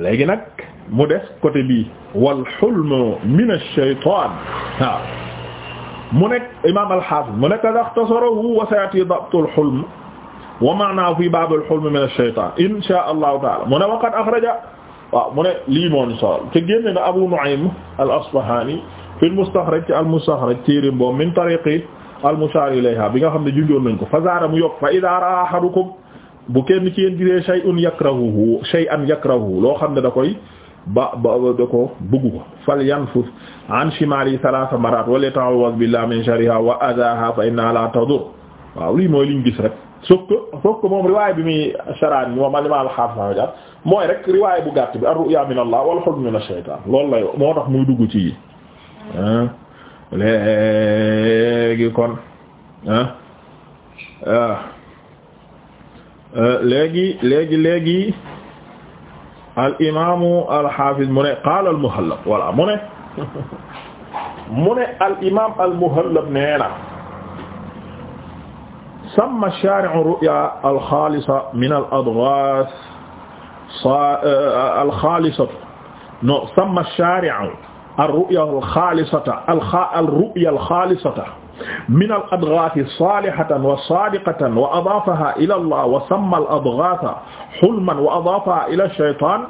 léegi nag mu des côté bii wal xulmu min ash-shaytaan waaw mu nekk imaam al-Haafiz mu nekk ikhtasarahu wa sayati dabtu al-hulm wa ma'naahu fi baab al-hulm min ash-shaytaan inshaa Allahu ta'aala mu ne waqad axraja waaw mu ne lii moon sol te génne na Abu Nu'aym al-Asbahaani fi al-Mustaxraj ci al-Mustaxraj téeréem boobu min tariiqi al-mushaar ilayhaa bi nga xam ne junjoon nañ ko fa zaada mu yokk fa idaa ra'aa ahadukum bu kenn ci yéen gisee shay'un yakrahuhu shay'an yakrahuhu loo xam ne da koy ba ba da ko bugg ko fal yanfus an shimali thalatha marat wala ta'awwaz billahi min sharriha wa adaha fa innaha la tadur waaw lii mooy liñ gis rek sauf que sauf que moom riwaay bi muy sharaan moom alima alxaafisamidat mooy rek riwaay bu gàtt bi ar-ru'ya min allah wal hulm min ash-shaytan loolu lay moo tax muy dugg ci yi léegi kon ah léegi léegi léegi al imaamu al xaafiz mu ne qaala al muhallab voilà mu ne mu ne al imaam al muhallab nee na samma shaari'u ru'ya al xaalisa min al adghaas eh, al xaalisatu non samma shaari'u ar ru'ya al xaalisata al ru'ya al xaalisata min al adghaathi salihatan wa sadiqatan wa adaafaha ila allah wa samma al adghaatha hulman wa adaafaha ila shaytaan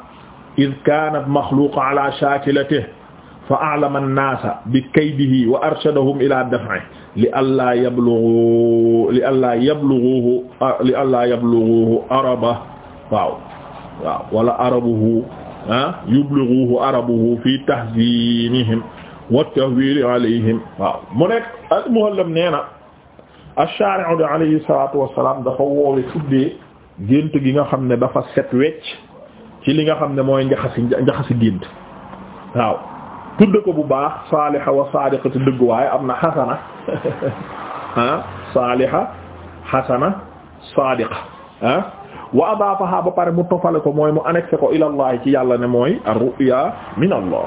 id kaanat maxluqa ala shaakilatihi fa a'lama an-naasa bi kaydihi wa arshadahum ila daf'ihi li allaa yablughu li allaa yablughuhu li allaa yablughuhu arabahu waaw waaw wala arabuhu ah yablughuhu arabuhu fi tahziinihim wa tahwil alayhim waaw mu nekk al-Muhallam nee na ash-shari'u bi alayhi salatu wassalam dafa woowe tuddee gént gi nga xam ne dafa set wecc ci li nga xam ne mooy njaxasi njaxasi gént waaw tudde ko bu baax saaliha wa saadiqa te dëgg waaye am na xasana ah saaliha xasana saadiqa ah wa adaafaha ba pare mu tofale ko mooy mu annexé ko ila allah ci yàlla ne mooy ar-ru'ya min allah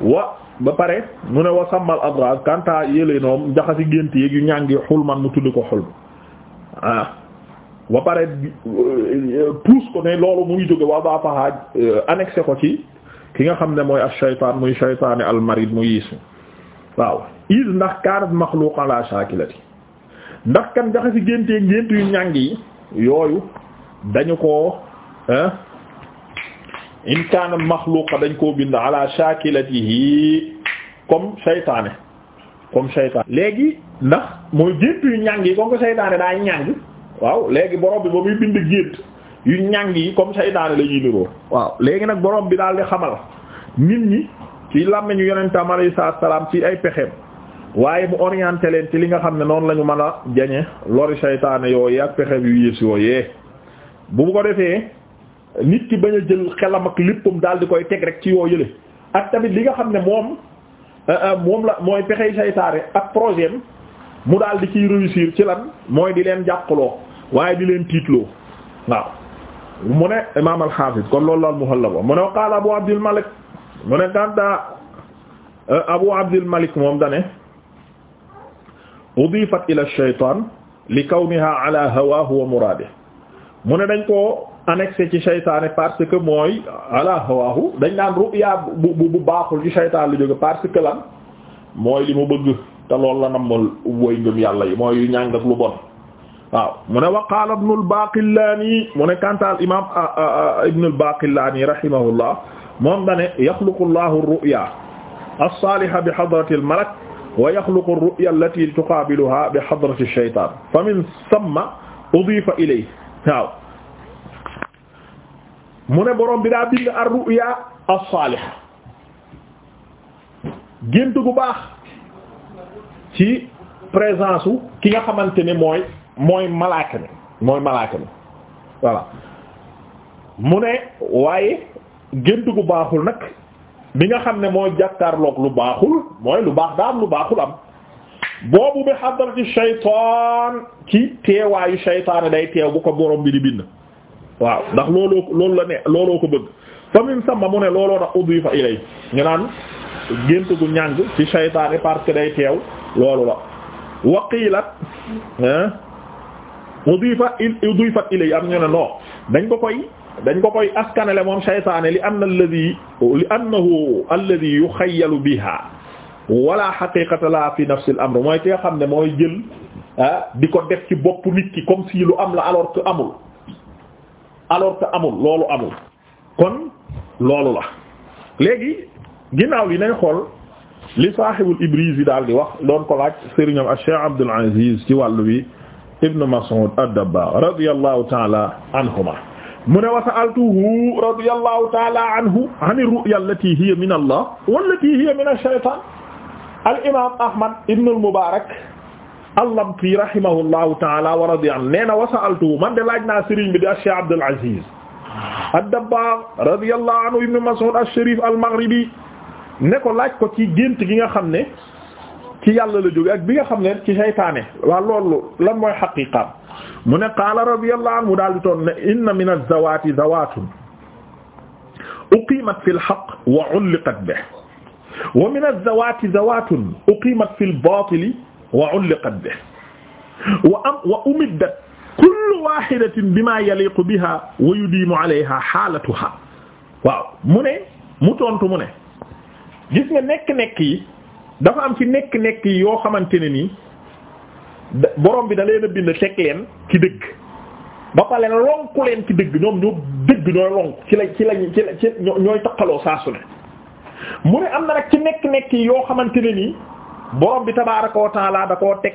waa ba pare mu ne wa sàmmal adras kanta yëlee noom jaxasi gént yéeg yu ñàngi xulman mu tudd ko xulm ah ba pare puus ko ne loolu mu ngi jóge waa ba faxaaj euh, annexé ko ci ki nga xam ne mooy ash-shaytaan muy shaytaani al-marid mu yiisu waaw is ndax kaanat maxluuqan la shaakilati ndax kan jaxasi gént gént yu ñàng yi yooyu dañu ko in kaana maxluqa dañ koo bind ala shakilatihi comme seytaane comme seytaane léegi ndax mooy gént yu ñàng yi comme que seytaane daa ñàng waaw léegi borom bi ba muy bind gént yu ñàng yi comme seytaane la ñuy niroo waaw léegi nag boroom bi daal di xamal nit ñi ci làmmiñu yonentam alayhi salaam ci ay pexeem waaye mu orienté leen ci li nga xam ne noonu lañu ñu mën a jañe lori seytaane yooyu ak pexeem yu yées yooyee bu ko defee. nit ki bañ a jël xelam ak léppam daal di koy teg rek ci yoo yële ak tamit li nga xam ne moom euh, euh, moom la mooy pexey saytaare ak projet mu daal di ciy réussir ci lan mooy di leen jàqloo waaye di leen tiitloo waaw mu ne imam al-Hafiz kon loolu laal muhalla bo mu ne qaala Abu Abdul euh, Malik moom dane udifat ila ash-shaytan li kawniha ala hawahu wa muradihi mu ne dañ ko annexé ci seytaane parce que mooy ala hawaahu dañ naan ru'ya bu bu bu baaxul ci seytaan lu jóge parce que lan mooy li mu bëgg te loolu la nammal woy ngëm yàlla yi mooy yu ñàng ak lu bon waaw mu ne wa qaala ibnul Baaqillaani mu ne kantaal imaam ibnul Baaqillaani rahimahullah moom dane yaxluqu llahu ru'ya as-saaliha bi hadratil malak wa yaxluqu ar-ru'ya allati tuqaabiluha bi hadrati shaytaan fa min samma udifa ilayhi waaw mu ne borom bi daa bind ar-ru'ya as-saaliha gént gu baax ci présence u ki nga xamante ne mooy mooy malaaka mi mooy malaaka mi voilà mu ne waaye gént gu baaxul nag bi nga xam ne mooy jàkkaarloog lu baaxul mooy lu baax daa lu baaxul am boobu bi hadrati shaytaan ci teewaayu shaytaan day teew bu ko borom bi di bind waaw ndax looloo loolu la ne looloo ko bëgg fa min sama mu ne looloo tax udifa ilay ñu naan gént gu ñàng ci saytaane parce que day teew loolu la waqilat udifa udifat ilay am ñu ne dañ ko koy dañ ko koy askanale moom saytaane li anna alladhi li annahu alladhi yuxayyalu biha wala xaqiqata la fi nafsi al mooy ki nga xam ne mooy jël ah di ko def ki bopp nit ki comme si lu am la alors que amul alors que amul loolu amul kon loolu la léegi ginnaaw li nañ xool li saaxibul Ibriz yi daal di wax doon ko laaj sëriñam Cheikh Abdul Aziz ci wàllu wi Ibn Mas'ud ad-Dabba radiyallahu ta'ala anhuma mu ne wa sa'altuhu radiyallahu ta'ala anhu 'an ar-ru'ya allati hiya min Allah wallati hiya min ash-shaytan al-imam Ahmad ibn al-Mubarak al-Lamti rahimahullahu ta'ala wa radiya anhu nee na wa sa'altu man de laaj naa sëriñ bi di Cheikh Abdul Aziz ad-Dabbaagh radiyallahu anhu ibn Mas'ud ash-Sharif al-Maghribi ne ko laaj ko ci gént gi nga xam ne ci yàlla la jóge ak bi nga xam ne ci seytaane waa loolu lan mooy xaqiiqaam mu ne qaala radiyallahu anhu daal di toon ne inna min az-zawaati zawaatun uqimat fi al-haqq wa ulliqat bihi wa min az-zawaati zawaatun uqimat fi al-baatili wa ulliqat bihi wa am wa umiddat kullu wahidatin bima yaliqu biha wa yudimu alayha halatuha waaw mu ne mu tontu mu ne gis nga nekk-nekk yi dafa am ci nekk-nekk yi yoo xamante ne nii borom bi da leen bind teg leen ci dëgg ba pare lonku leen ci dëgg ñoom ñoo dëgg ñooy lonk ci la ci la ñooy taqaloo saa ne mu ne am na nag ci nekk-nekk yi yoo xamante ne nii borom bi tabaaraka wa taala da koo teg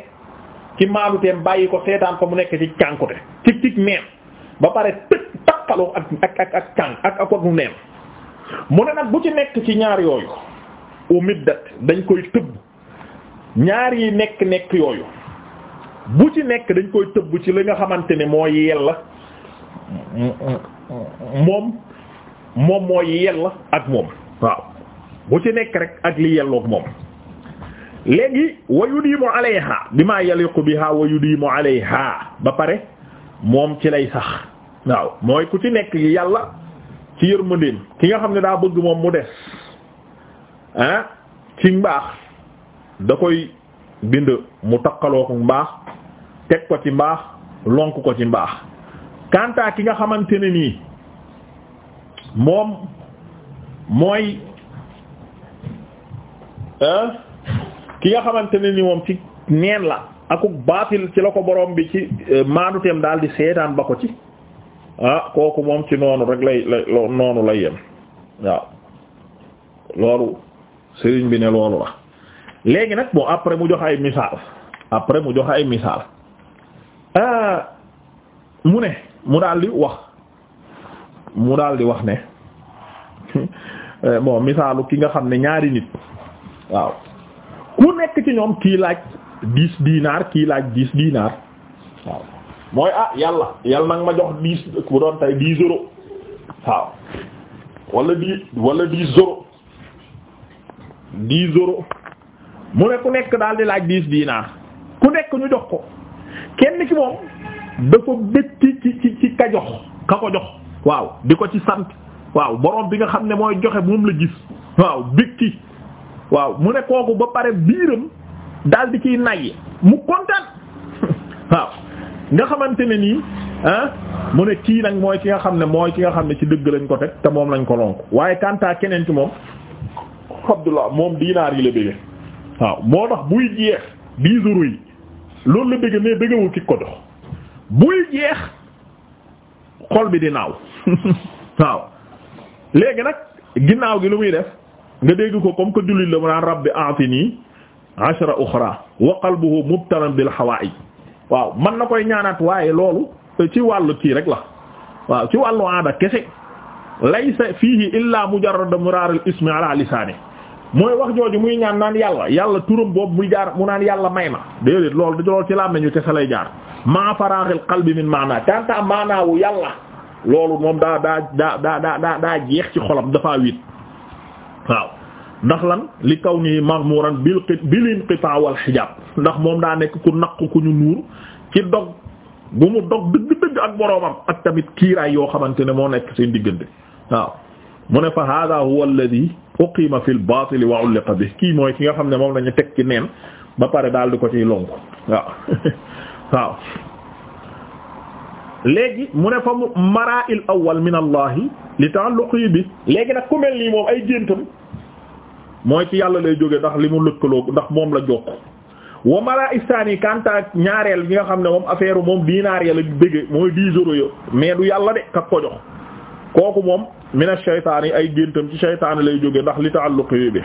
ci maanuteem bàyyi ko seetaan ko mu nekk ci cànkute ci tig neen ba pare tëj takkaloo ak ak ak ak cànk ak ak wagu neen mu ne nag bu ci nekk ci ñaar yooyu umiddat dañ koy tëbb ñaar yi nekk nekk yooyu bu ci nekk dañ koy tëbb ci li nga xamante ne moo yella moom moom moo yella ak moom waaw bu ci nekk rek ak li yelloog moom léegi wa yudimu alayha bima yaliqu moo ale yudimu alayha ba pare moom ci lay sax waaw mooy ku ci nekk gi yàlla ci yërmandeem ki nga xam ne daa bëgg moom mu des ah ci mbaax da koy bind mu takkaloo ko mbaax teg ko ci mbaax lonk ko ci mbaax kanta ki nga xamante ne nii moom mooy ah ki nga xamante ne ni moom ci neen la akuk baatil ci la ko borom bi ci eh, maanuteem daal di seetaan ba ko ci ah kooku moom ci noonu rek lay lay noonu lay yem waaw loolu sëriñ bi ne loolu la léegi nag moo après mu jox ay misaal après mu jox ay missaal ah, mu ne mu daal di wax mu daal di wax ne eh, bon misaalu ki nga xam ne ñaari nit waaw ku nekk ci ñoom kii laaj dix dinaar kii laaj dix dinaar waaw mooy ah yàlla yàlla nag ma jox dix bu doon tey dix euros waaw wala dix wala dix euros dix euros mu ne ku nekk daal di laaj dix dinaar ku nekk ñu jox ko kenn ki moom dafa bëtti ci ci ka jox ka ko jox waaw di ko ci sant waaw borom bi nga xam ne mooy joxe moom la gis waaw bëtti waaw mu ne kooku ba pare biiram daal di ciy nay mu kontaan waaw nga xamante ne nii ah mu ne kii nag mooy ki nga xam ne mooy ki nga xam ne ci dëgg lañ ko teg te moom lañ ko lonk waaye kantaa keneen ki moom Abdullah moom dinaar yi la bëgg waaw moo tax buy jeex di euros yi loolu la bëgg mais bëggawul ki ko jox buy jeex xol bi di naaw waaw léegi nag ginnaaw gi lu muy def nga dégg ko comme que jullit la mu naan rabbi a'tini ashra ukhra wa qalbuhu mubtalan bil hawaa'ij waaw man na koy ñaanaat waaye loolu ci wàll kii rek la waaw ci wàllu aada kese laysa fiihi illa mujarrad muraar al mooy wax jooju muy ñaan naan yàlla yàlla turam boobu muy jaar mu naan yàlla may ma déedéet loolu loolu ci làmmiñ wi kese lay jaar maa faraaxil qalbi min maana tanta maanaawu yàlla loolu moom daa daa daa daa daa jeex ci xolam dafaa waaw ndax lan li kaw nii mahmuran bil bilin qitaa wal xijaab ndax moom daa nekk ku naq ku ñu nuur ci dog bu mu dog dëgg-dëgg ak boroomam ak tamit kiiraay yoo xamante ne moo nekk seen diggante waaw mu ne fa hada huwa alladhi uqima fil batil wa ulqa bi kii mooy ki nga xam ne moom lañu teg ci neen ba pare daal di ko ciy lonku waaw waaw léegi mu ne fa mu maraa'il awwal min Allah li ta'alluqi bi léegi nag ku mel nii moom ay géntam mooy ci yàlla lay jóge ndax li mu lëkkaloo ndax moom la jokk wa maraa'il saani kanta ñaareel gi nga xam ne moom affaire moom dinaar ya la bëgge mooy dix euros yo du yàlla de kak ko jox kooku moom mina shaytaan yi ay géntam ci shaytaan lay jóge ndax li ta'alluqi bi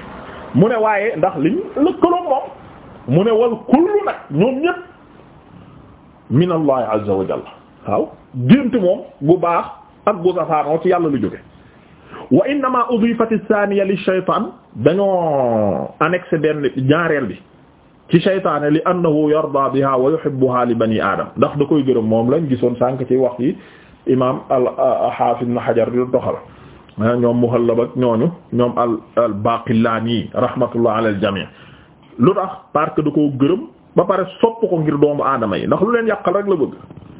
mu ne waaye ndax liñ lëkkaloo moom mu ne wal kullu nag ñoom ñëpp min Allah azza wa jalla waaw gént moom bu baax ak bu safaanoo ci yàlla lu jóge wa innama udifat ath-thaniya li shaytan dañoo annexé benn ñaareel bi ci shaytaane li annahu yarda biha wa yuhibbuha li bani aadam ndax da koy gërëm moom lañ gisoon sànq ci wax yi imam al hafiz na xajar di doxal ah, ñoom Muhallab ak ñooñu ñoom al Baqillani rahmatullah ala al lu tax parce da koo gërëm ba pare sopp ko ngir doomu aadama yi ndax lu leen yàqal rek la bëgg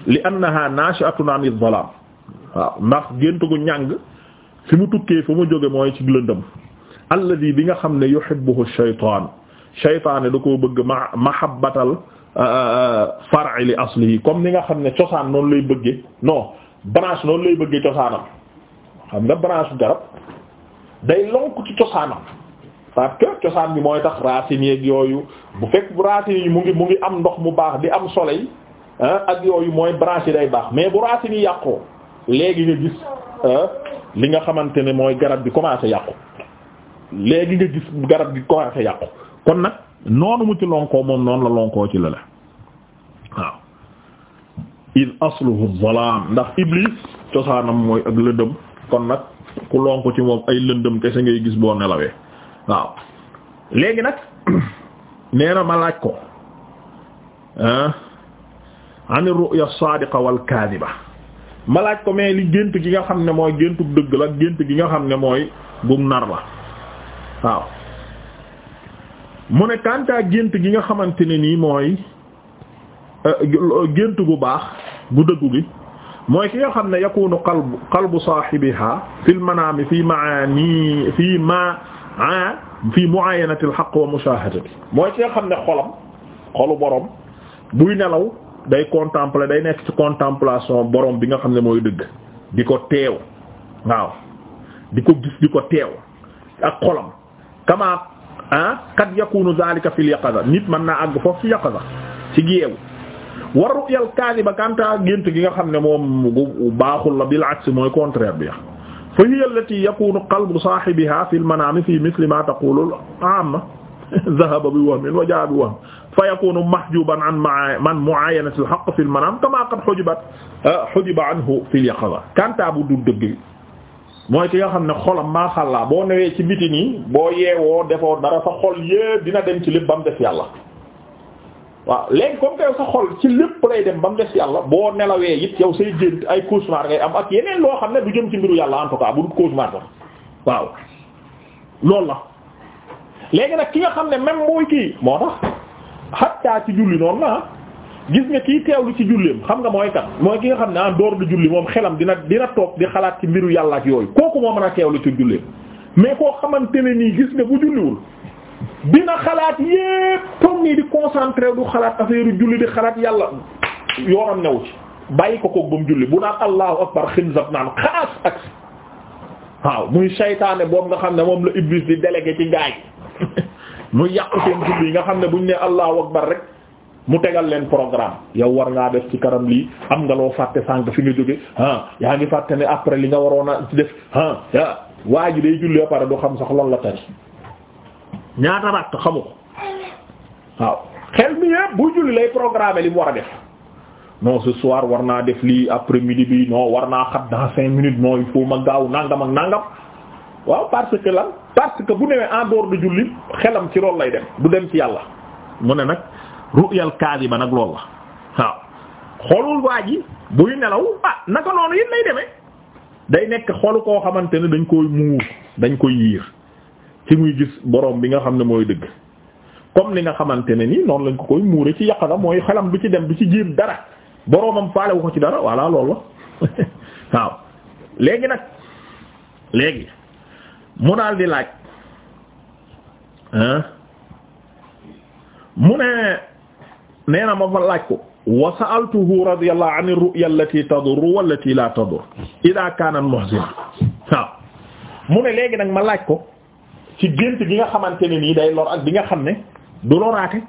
li annaha nashi'atun 'an adh-dhalam waaw ndax gént gu ñàng fi mu tukkee fa mu jóge mooy ci lëndëm alladhi bi nga xam ne yuhibbuhu shaytaan shaytaane da koo bëgg ma mahabbatal euh, euh, euh, far'i li aslihi comme ni nga xam ne cosaan noonu lay bëgge non branche noonu lay bëgge cosaanam xam nga branche garab day lonk ci cosaanam parce que cosaan bi mooy tax racines yeeg yooyu bu fekk racines yi mu ngi mu ngi am ndox mu baax di am soleil ak yooyu mooy branche yi baax mais bu racines yi yàqoo léegi nga gis li nga xamante ne mooy garab gi commencé yàqu léegi nga gis garab gi commencé yàqu kon nag noonu mu ci lonkoo moom noonu la lonkoo ci la la waaw il asluhu zalaam ndax iblis cosaanam mooy ak lëndëm kon nag ku lonku ci moom ay lëndëm kese ngay gis boo nelawee waaw léegi nag nee na ma laaj ko ah ani ru'ya as-sadiqa wal kadhiba ma laaj ko mais li gént gi nga xam ne mooy géntub dëgg la gént gi nga xam ne mooy gum nar la waaw mu ne kantaa gént gi nga xamante ne nii mooy eh, gént gu baax gu dëggu gi mooy ki nga xam ne yakunu qalbu qalbu saahibiha fil manaami fii maani fii ma ah fii muayanati al-haqq wa mushahadati mooy ci nga xam ne xolam xolu borom buy nelaw day contempler day nekk ci contemplation borom bi nga xam ne mooy dëgg di ko teew waaw di ko gis di ko teew ak xolam kama ah kat yakunu zalika fil yaqaza nit mën naa àgg foofu ci yaqaza ci géew war ru'yal kadhiba kantaa gent gi nga xam ne moom baaxul la bil aks mooy contraire bi fa hiya allati yakunu qalbu saahibiha fi lmanami fi misli ma taqulu amma dhahaba bi wahmin wa jaa bi wahmin fa yakunu mahjuban an man muayanati al-haqq fi al-manam kama qad hujibat ah, hujiba anhu fi al-yaqaza kanta bu du dëgg mooy ki nga xam ne xolam maaxàllaa boo newee ci biti nii boo yeewoo defoo dara sa xol yépp dina dem ci lépp bam def yàlla waaw léegi comme que yow sa xol ci lépp lay dem ba mu des yàlla boo nelawee it yow say gént ay cauchemar ngay am ak yeneen loo xam ne du jëm ci mbiru yàlla en tout cas bu dul cauchemar sax waaw loolu la léegi nag ki nga xam ne même mooy kii moo tax xattaa ci julli noonu la ah gis nga kii teewlu ci julleem xam nga mooy kat mooy ki nga xam ne en dehors de julli moom xelam dina dina toog di xalaat ci mbiru yàlla ak yooyu kooku moo mën a teewlu ci julleem mais koo xamante ne gis nga bu dina xalaat yépp toog nii di concentré du xalaat affaire julli di xalaat yàlla yoonam new ci bàyyi ko koog ba mu julli bu naan allahu akbar xinzab naan xaas ak si waaw muy saytaane boobu nga xam ne moom la iblis di délégué ci gaay muy yàqu seen julli yi nga xam ne bu ñu ne allahu akbar rek mu tegal leen programme yow war ngaa def ci kanam lii am nga loo fàtte sànq fi nga jóge ah yaa ngi fàtte ne après li nga waroon a def ah waa ji de julli ba pare xam sax loolu la tari ñaata rakk xamu ko waaw xel mi yëpp buy julli lay programme li mu war a def non ce soir war naa def lii après midi bi non war naa xat dans cinq minutes non il faut ma gaaw nangam ak nangam waaw parce que la parce que bu newee en dehors de julli xelam ci loolu lay dem du dem ci yàlla mu ne nag ru'yal kaadiba nag loolu la waaw xolul waa ji buy nelaw ah naka noonu it lay demee day nekk xolu koo xamante ne dañ koy muur dañ koy yiir ci muy gis boroom bi nga xam ne mooy dëgg comme li nga xamante ne ni noon lañ ko koy muure ci yaqada mooy xelam du ci dem du ci jéem dara boromam faale ko ci dara voilà loolu la waaw léegi nag léegi mu daal di laaj mu ne nee na ma laaj ko wa sa'altuhu radiyallahu an ar-ru'ya allati tadur wallati la tadur idha kanat muhzina waaw mu ne léegi nag ma laaj ko ci gént gi nga xamante ne nii day lor ak bi nga xam ne du loraate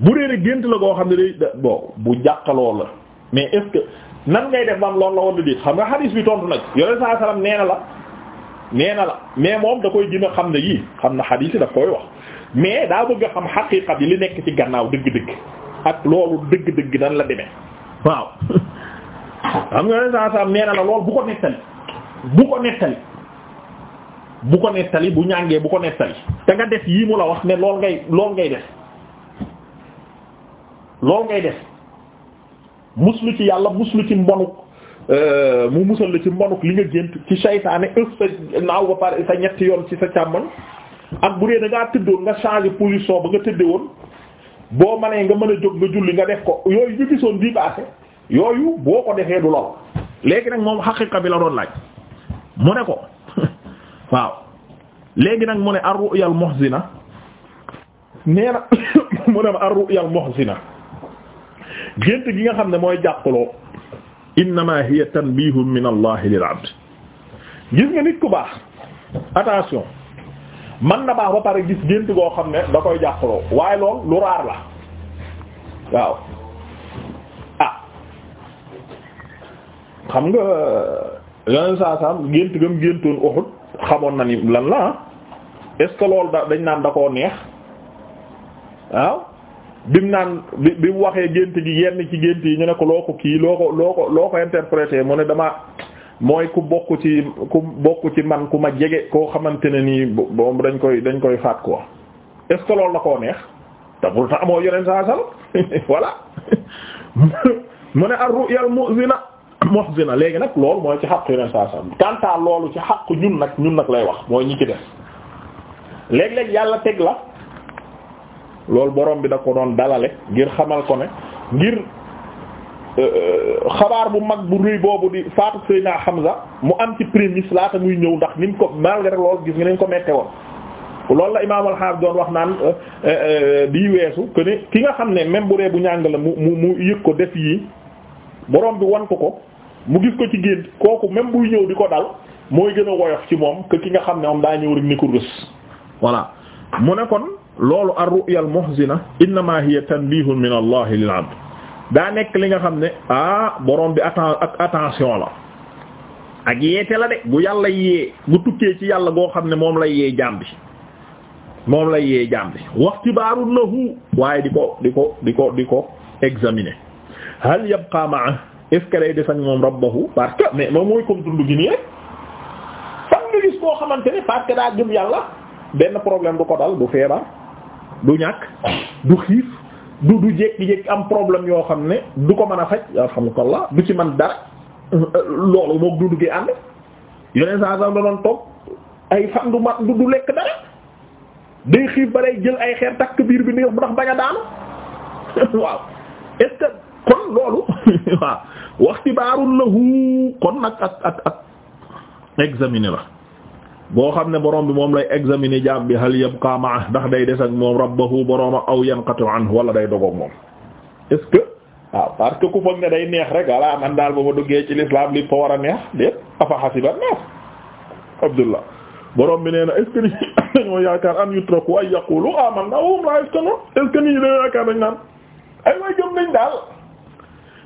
bu dee gént la goo xam ne day bon bu jàqaloo la mais est nan ngay def bam loolu la wala déet xam nga hadis bi tontu nag yore saa salaam nee na la nee na la mais moom da koy gën xam ne yii xam na hadis yi daf koy wax mais daa bëgg a xam xaqiqa yi li nekk ci gannaaw dëgg-dëgg ak loolu dëgg-dëgg nan la demee waaw xam nga yore saa salaam nee na la loolu bu ko nettali bu ko nettali bu ko nettali bu ñàngee bu ko nettali te nga def yii mu la wax ne lool ngay lool ngay def lool ngay def muslu ci yàlla muslu ci mbonuk euh, mu musal la ci mbonuk li nga gént ci saytaane ëf sa naaw ba pare sa ñetti yoon ci sa càmmoñ ak bu dee da ngaa tëddoon nga changer position ba nga tëdde woon boo manee nga mën a jóg nga julli nga def ko yooyu ñu gisoon bii passé yooyu boo ko defee du lool léegi nag moom xaqiqa bi la doon laaj mu ne ko waaw léegi nag mu ne ar-ru'ya al-muhzina nee na mu ne ar-ru'ya al-muhzina gént gi nga xam ne mooy jàppaloo innama hiya tanbihun min allah lil abd gis nga nit ku baax attention man na baax ba pare gis gént goo xam ne da koy jàppaloo waaye lool lu raar la waaw ah xam nga yeneen saa saam gént gam géntoon Uhud xamoon na ni lan la est-ce da dañ naan da koo neex waaw bimu naan bi bi mu waxee gént gi yenn ci gént yi ñu ne ko loo ko kii loo ko loo ko loo ko interprété mu ne dama mooy ku bokk ci ku bokk ci man ku ma jege koo xamante ne nii boobu dañ koy dañ koy faat quoi est-ce que da koo neex te pourtant moo yeneen saa sal voilà mu ne ar ru'yal mu'zina na léegi nag loolu mooy ci xaq yoneen saa sallam kantaa loolu ci xàq ñun nag ñun nag lay wax mooy ñi ci def léeg-léeg yàlla teg la loolu borom bi da ko doon dalale ngir xamal ko ne ngir euh, euh, xabaar bu mag bu rëy boobu di faatu Seydina Hamza mu am ci prémisse laata muy ñëw ndax niñ ko malgré loolu gis nga nañ ko mette woon loolu la imaam al doon wax naan euh, bii weesu que ne ki nga xam ne même bu bu ñàng la mu mu yëg ko def yi borom bi wan ko ko mu gis ko ci gént kooku même buy ñëw di ko dal mooy gën a woyof ci moom que ki nga xam ne moom daa ñëw rek ni ko rës voilà mu ne kon loolu ar-ru'ya al-muhzina innama hiya tanbihun min Allah lil abd daa nekk li nga xam ne ah borom bi atten attention la ak yeete la de bu yàlla yee bu tukkee ci yàlla goo xam ne moom lay yee jaam bi moom lay yee jaam bi waxtibaaru lahu waaye di ko di ko di ko di ko examiner hal yabqa ma'a est-ce que day def ak moom rabbahu parce que mais moom mooy comme dund gi nii rek fan nga gis koo xamante ne parce que daa gëm yàlla benn problème du ko dal du feebar du ñàkk du xiif du du jékki am problème yoo xam ne du ko mën a faj alhamdulillah du ci man dara loolu moom dund gi ànd yeneen saa sax da doon toog ay fan du ma du lekk dara day xiif ba day jël ay xeer takk biir bi ni ndax bañ a daanu waaw est kon loolu waaw waxtibaarul lahu kon nag ak ak ak examiner la boo xam ne borom bi moom lay examiner jaam bi hal yabqa ma'a ndax day des ak moom rabbahu borooma aw yanqatu anhu wala day dogoog moom est-ce que waaw parce que ku foog ne day neex rek walla man daal ba ma duggee ci l'islam li fa war a neex déet afa hasiba neex abdullah borom bi nee na est-ce que ni dañoo yaakaar an yutraku ay yaqulu amanna wa hum la yaftanun est-ce que ni dañoo yaakaar dañ naan ay way jëm nañ daal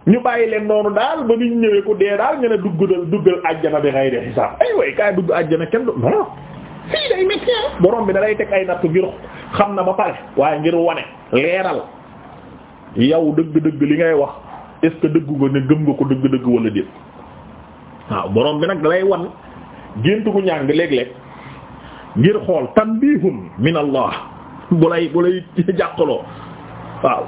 ñu bàyyi leen noonu daal ba niñ ñëwee ku dee daal ñu ne duggal duggal àjjana bi ngay de xisaab ay way kaay dugg àjjana kenn du non fii day métti borom bi da lay ay natt ngir xam na ba pare waaye ngir wane li ngay wax est-ce que dëggu dëgg-dëgg wala déet waaw borom bi nag dalay wan gént gu ñàng léeg-léeg ngir xool tanbihum min allah bu lay bu lay jàqaloo waaw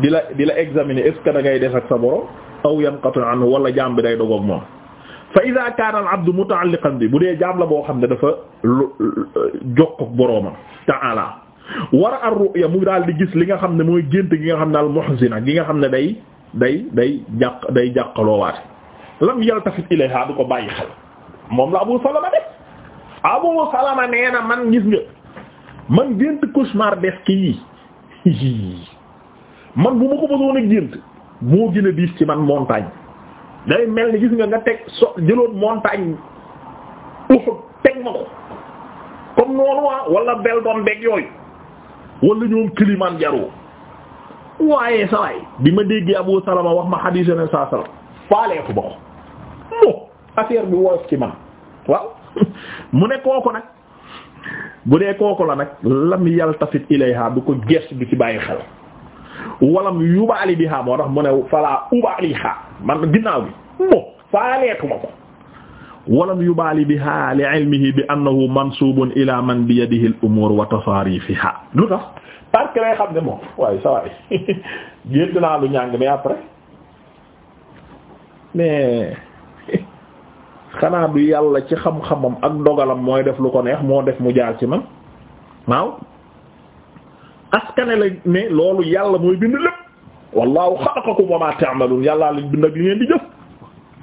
di la di la examiner est ce que da ngay def ak sa borom aw yanqatu anhu wala jaam bi day dogoog moom fa ida kaana al abdu muta'alliqan bi bu dee jaam la boo xam ne dafa jokkoog boroomam ta'ala wara ar ru'ya mu daal di gis li nga xam ne mooy gént gi nga xam ne al muhzina gi nga xam ne day day day jàq day jàqaloowaate lam yaltafit ilayha du ko bàyyi xel moom la abu salama def abu salama nee na man gis nga man gént cauchemardesque yi man bu ma ko bëggoon a gént moo gën a diis ci man montagne day mel ni gis nga nga teg so jëloon montagne Uhud teg ma ko comme noonu waa ah, wala Beldon beeg yooyu wala ñoom Kilimanjaro waaye sawaay bi ma déggee Abu Salama wax ma xadiis Yonent saa sallam faaleeku ba ko mo affaire bi woyof ci man waaw mu ne kooku nag bu dee kooku la nag lam yaltafit ilayha du ko gerte bi ci bàyyi xel walam yubaali biha moo tax mu ne fala ubaaliha man ginnaaw bi mo faaleetuma ko walam yubaali biha li ilmihi bi annahu mansubun ila man bi yadihi al umur wa tasarifiha lu tax parce que xam ne moom waaye sa waay naa lu ñàng mais après mais xanaa du yàlla ci xam-xamam ak dogalam mooy def lu ko neex moo def mu jaar ci man waaw askane la ne loolu yàlla mooy bind lépp wallahu xalaqakum wa ma ta'malun yàllaa lañ bind ak li ngeen di jëf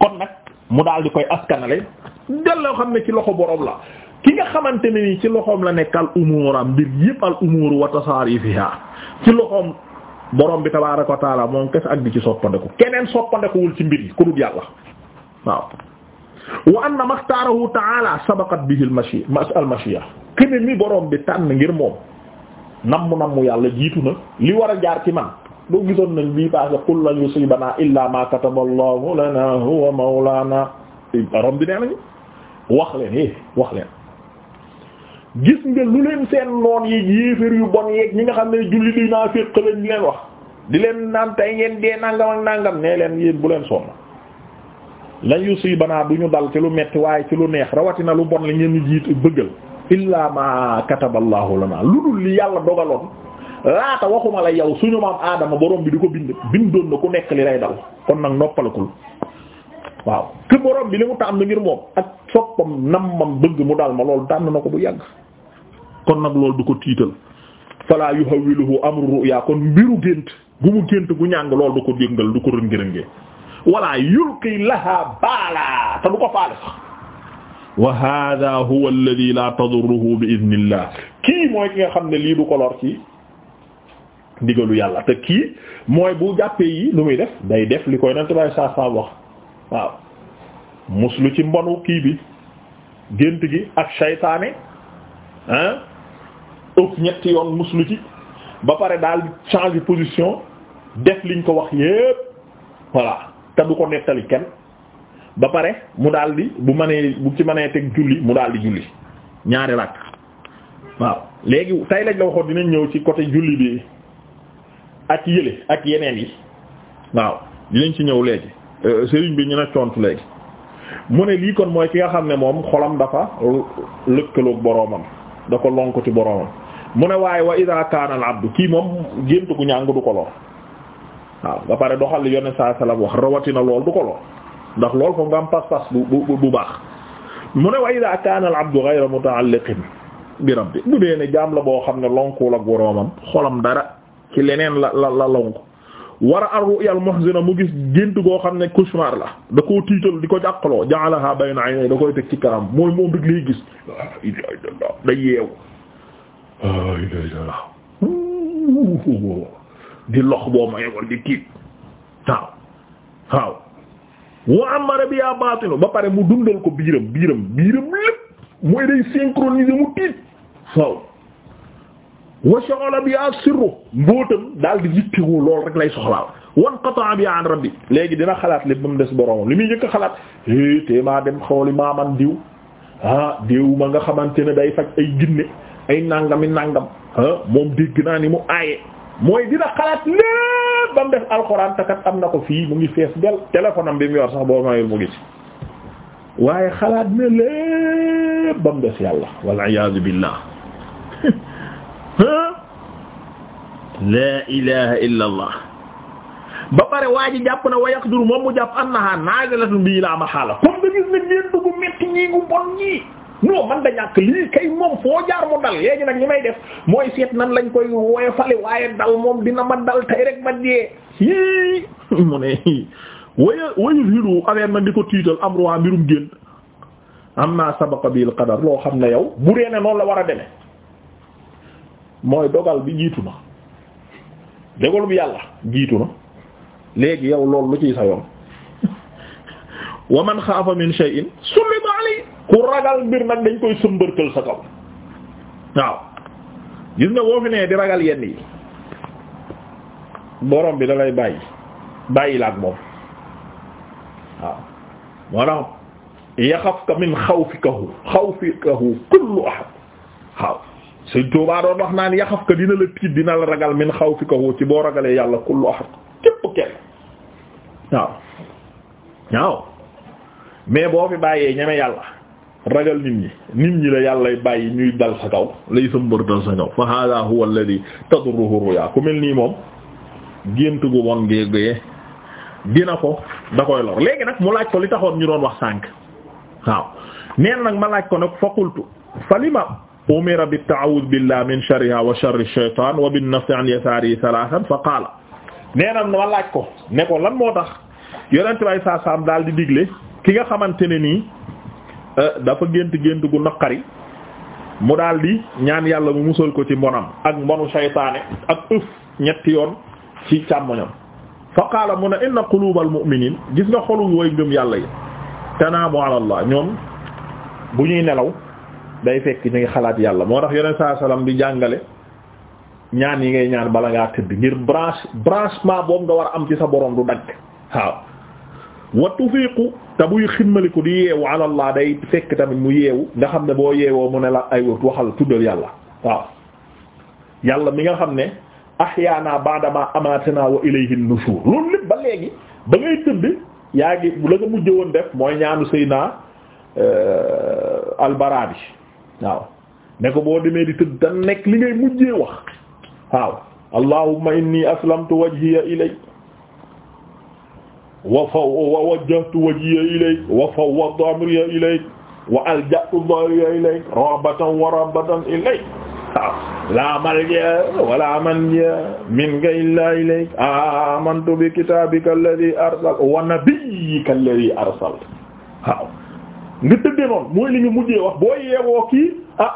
kon nag mu daal di koy askanale delloo xam ne ci loxo boroom la ki nga xamante ni nii ci loxoom la nekk al umuuram mbir yëpp al umuur wa tasaarifiha ci loxoom borom bi tabaaraka wa taala moom kes ak di ci soppandeku keneen soppandekuwul ci mbir yi ku dul yàlla waaw wa anna maxtaarahu taala sabaqat bihi al mashia al mashia keneen mi borom bi ngir moom nammu nammu yàlla jiitu na li war a jaar ci man doo gisoon nañ bii passé qul lan yusibanaa illaa ma kataballahu lana huwa mawlana borom bi nee wax leen é eh, wax leen gis nga lu leen seen noon yi yéefér yu bon yeeg ñi nga xam ne julli di naa féq lañ leen wax di leen naan tey ngeen dee nangam ak nangam nee leen yéen bu leen sonn lan yusibanaa du ñu dal ci lu metti waaye ci lu neex rawatina lu bon la ngeen ñu jiit bëggal illaa ma kataballahu lana lu dul li yàlla dogaloon laata waxuma la yow suñu maam aadama borom bi di ko bind bindoon na ku nekk li lay dal kon nag noppalakul waaw ki borom bi li mu tànn ngir moom mu dal ma loolu tànn na ko bu yàgg kon nag loolu du ko tiital fala yuhawiluhu amru ru'ya kon mbiru gént gu mu gént gu ñàng loolu du ko déngal du ko rëngi-rëngee wala yulqi laha baala te du ko faale wa hada huwa alladhi la tadurruhu bi idnillah kii mooy ki nga xam ne lii du ko lor ci ndigalu yàlla te kii mooy bu jàppee yi lu muy def day def li koy nante bay saa saa wax waaw muslu ci mbonu kii bi gént gi ak saytaane ah ëpp ñetti yoon muslu ci ba pare daal changer position def liñ ko wax yépp voilà te du ko nettali kenn ba pare mu daal di bu mënee bu ci mënee teg julli mu daal di julli ñaari rakk waaw léegi tey lañ la waxoon dinañ ñëw ci côté julli bi ak yële ak yeneen yi waaw dinañ ci ñëw léegi euh, sëriñ bi ñu ne tontu léegi mu ne lii kon mooy ki nga xam ne moom xolam dafa lëkkaloog boroomam da ko lonk ci boroomam mu ne waaye wa ida kaana al kii moom géntu gu ñàng du ko lor waaw ba pare doxal li saa salaam wax rawatina lool du ko lor ndax loolu ko nga am pas-pas bu bu bu baax mu ne wa ida kaana al abdu ghayra muta'alliqin bi rabbi bu dee ne jaam la boo xam ne lonkul ak boroomam xolam dara ci leneen la la la lonk war a ar-ru'ya al-muhzina mu gis gént goo xam ne cauchemar la da ko tiital di ko jàqaloo ja'alaha bayna 'aynayhi da koy teg ci kanam mooy moom rek lay gis day di lox boo mayewal di tiit waaw waaw wa amara bi yaa baatinu ba pare mu dundal ko biiram biiram biiram lépp mooy day synchroniser mu tiit waaw wa shaghala bi yaa sirru mbóotam daal di yittewoo loolu rek lay soxlaal wan qata'a bi an rabbi léegi dina xalaat lépp ba mu des boromam li muy njëkk a xalaat é eh, tée maa dem xooli maaman diw ah diw ma nga xamante ne day faj ay ginne ay nàngami nàngam ah moom dégg naa ni mu aaye mooy dina xalaat lépp ba alxuraan takat na ko fii mu ngi fees del téléphone bi mu yor sax boo mayul mu ngi ci waaye xalaat ne lépp ba mu des yàlla wal iyaazu billah laa ilaha illa allah ba pare waa ji jàpp na wa yaqduru moom mu jàpp annaha nazilatun bi la mahala comme da gis ne ngeen dugg metti ñii ngu bon ñii non man da ñàkk lii kay moom foo jaar mu dal léegi nag li may def mooy seet nan lañ koy wooye fale waaye dal moom dina ma dal tey rek ma dee yii mu ne waya wayul hiru affaire nag di ko tiital am ruwaa mbirum génn am naa sabaqa bil qadar loo xam ne yow bu dee ne noonu la war a demee mooy dogal bi jiitu na dogal yàlla jiitu na léegi yow loolu lu ciy sa yoon wa man xaafa min shay'in sulliba alayhi ku ragal mbir nag dañ koy sëmbërkël sa kaw waaw gis nga boo fi nee di ragal yenn yi borom bi da lay bàyyi bàyyi la ak moom waaw moo tax yaxaf ka min xawfikahu xawfikahu kullu ahad waaw Sëriñ Tuubaa doon wax naan yaxaf ka dina la tiit dina la ragal min xawfikahu ci boo ragalee yàlla kullu ahad képp kenn waaw waaw mais boo fi bàyyee ñeme yàlla ragal nit ñi nit ñi la yàllay bàyyi ñuy dal sa kaw lay sa mbër dal sa kaw fa hada huwa alladhi tadurruhu ruya ku mel nii moom gént gu bon géegee dina ko da koy lor léegi nag mu laaj ko li taxoon ñu doon wax sànk waaw neen nag ma laaj ko nag fa qultu fa lima umira bi ta'awudh billah min sharriha wa sharri shaytan wa bin nafsi an yasarihi thalathan fa qaala nee na ma laaj ko ne ko lan moo tax yonent bay saa daal di digle ki nga xamante nii Euh, dafa gént gént gu naqari mu dal di ñaan yàlla mu musal ko ci mbonam ak mbonu saytaane ak ëf ñetti yoon ci càmmoñam fa qaala mu ne inna quluubal mu'miniin gis nga xolu way ngëm yàlla yi tanaamu ala ñoom bu ñuy nelaw day fekk ñu ngi xalaat yàlla moo tax yonent saa salaam di jàngale ñaan yi ngay ñaan bala ngaa tëdd ngir branche branchement boobu nga war a am ci sa borom du dagg waaw wa tufiiqu te buy ximmaliku di yeewu alallah day fekk tamit mu yeewu nga xam ne boo yeewoo mu ne la ay waxal tuddal yàlla waaw yàlla mi nga xam ne ahyaana ba'dama amaatana wa ilayhi nushur loolu lépp ba léegi ba ngay tëdd yaa ngi la nga mujj woon def mooy ñaanu Seydina euh, Albara bi waaw ne ko boo demee di tëdd da nekk li ngay mujjee wax waaw allahumma inni aslamtu wajhiya ilayk wa fa wa wajjahtu wajhiya ilayk wa fawwadtu amriya ilayk wa alja'tu dhahriya ilayk rahbatan wa rahbatan ilayk la malja wala manja minka illaa ilayk amantu bi kitaabika alladhi arsal wa nabiyyika alladhi arsal waaw nga tëddee noonu mooy li nga mujjee wax boo yeewoo kii ah,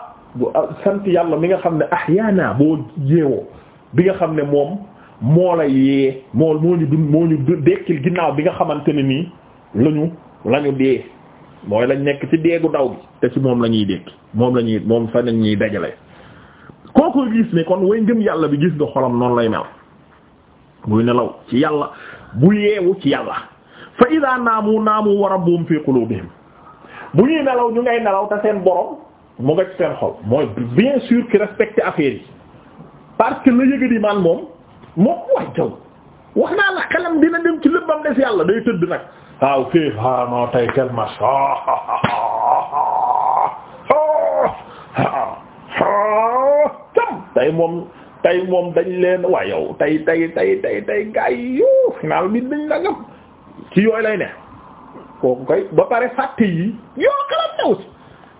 ah sant yàlla mi nga xam ne ahyaana boo yeewoo bi nga xam ne moom moo la yee moo moo ñu dund moo ñu dekkil ginnaaw bi nga xamante ne nii lañu lañu dee mooy lañ nekk ci deegu daw bi te ci moom la ñuy dékk moom la moom fa lañ ñuy dajale kooku gis ne kon way ngëm yàlla bi gis nga xolam noonu lay mel buy nelaw ci yàlla bu yeewu ci yàlla fa idaa naamu naamu wa rabbuhum fi qulubihim bu ñuy nelaw ñu ngay nelaw te seen borom mu nga ci seen xol mooy bien sûr que respecter affaire yi parce que la yëga di man moom moom waay jaw wax naa la xelam dina dem ci léppam des yàlla day tëdd nag waaw kii ah non tey quel match tam tey moom tey moom dañ leen waa yow tey tey tey tey tey gars yi yow final bi dañ la gëm ci yooyu lay ne kooku koy ba pare fàtte yi yoo xalam new si